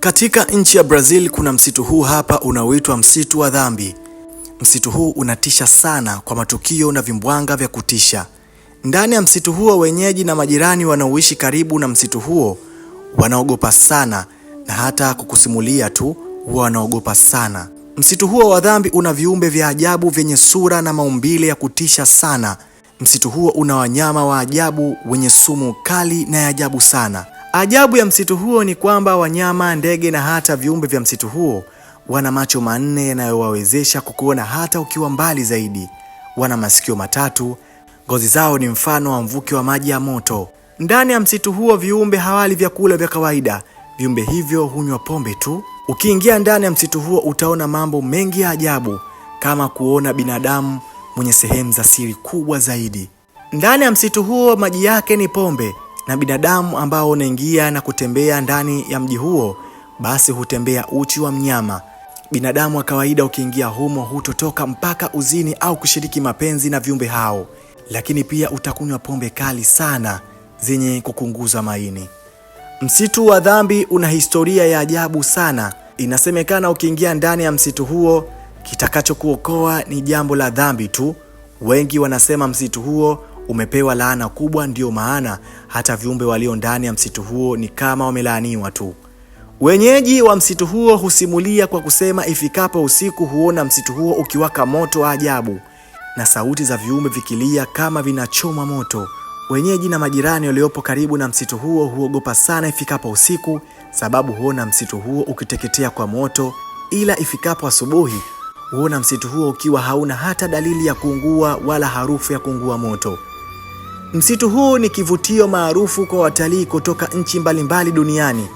Katika nchi ya Brazil kuna msitu huu hapa unaoitwa msitu wa dhambi. Msitu huu unatisha sana kwa matukio na vimbwanga vya kutisha. Ndani ya msitu huo, wenyeji na majirani wanaoishi karibu na msitu huo wanaogopa sana, na hata kukusimulia tu huwa wanaogopa sana. Msitu huo wa dhambi una viumbe vya ajabu vyenye sura na maumbile ya kutisha sana. Msitu huo una wanyama wa ajabu wenye sumu kali na ya ajabu sana. Ajabu ya msitu huo ni kwamba wanyama, ndege na hata viumbe vya msitu huo wana macho manne yanayowawezesha kukuona hata ukiwa mbali zaidi. Wana masikio matatu, ngozi zao ni mfano wa mvuke wa maji ya moto. Ndani ya msitu huo viumbe hawali vyakula vya kawaida, viumbe hivyo hunywa pombe tu. Ukiingia ndani ya msitu huo utaona mambo mengi ya ajabu, kama kuona binadamu mwenye sehemu za siri kubwa zaidi. Ndani ya msitu huo maji yake ni pombe na binadamu ambao unaingia na kutembea ndani ya mji huo, basi hutembea uchi wa mnyama. Binadamu wa kawaida ukiingia humo hutotoka mpaka uzini au kushiriki mapenzi na viumbe hao, lakini pia utakunywa pombe kali sana zenye kukunguza maini. Msitu wa Dhambi una historia ya ajabu sana. Inasemekana ukiingia ndani ya msitu huo, kitakachokuokoa ni jambo la dhambi tu. Wengi wanasema msitu huo umepewa laana kubwa, ndiyo maana hata viumbe walio ndani ya msitu huo ni kama wamelaaniwa tu. Wenyeji wa msitu huo husimulia kwa kusema ifikapo usiku huona msitu huo ukiwaka moto wa ajabu na sauti za viumbe vikilia kama vinachomwa moto. Wenyeji na majirani waliopo karibu na msitu huo huogopa sana ifikapo usiku, sababu huona msitu huo ukiteketea kwa moto, ila ifikapo asubuhi huona msitu huo ukiwa hauna hata dalili ya kuungua wala harufu ya kuungua moto. Msitu huu ni kivutio maarufu kwa watalii kutoka nchi mbalimbali duniani,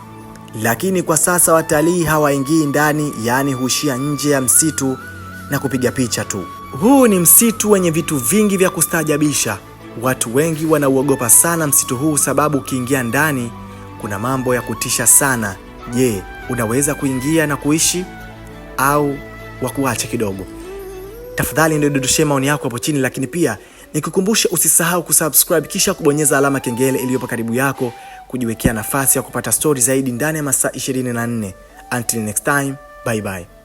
lakini kwa sasa watalii hawaingii ndani, yaani huishia nje ya msitu na kupiga picha tu. Huu ni msitu wenye vitu vingi vya kustaajabisha. Watu wengi wanauogopa sana msitu huu sababu ukiingia ndani kuna mambo ya kutisha sana. Je, unaweza kuingia na kuishi au wakuache kidogo? Tafadhali ndio dondoshe maoni yako hapo chini, lakini pia Nikukumbushe usisahau kusubscribe kisha kubonyeza alama kengele iliyopo karibu yako kujiwekea nafasi ya kupata stori zaidi ndani ya masaa 24. Until next time, bye bye.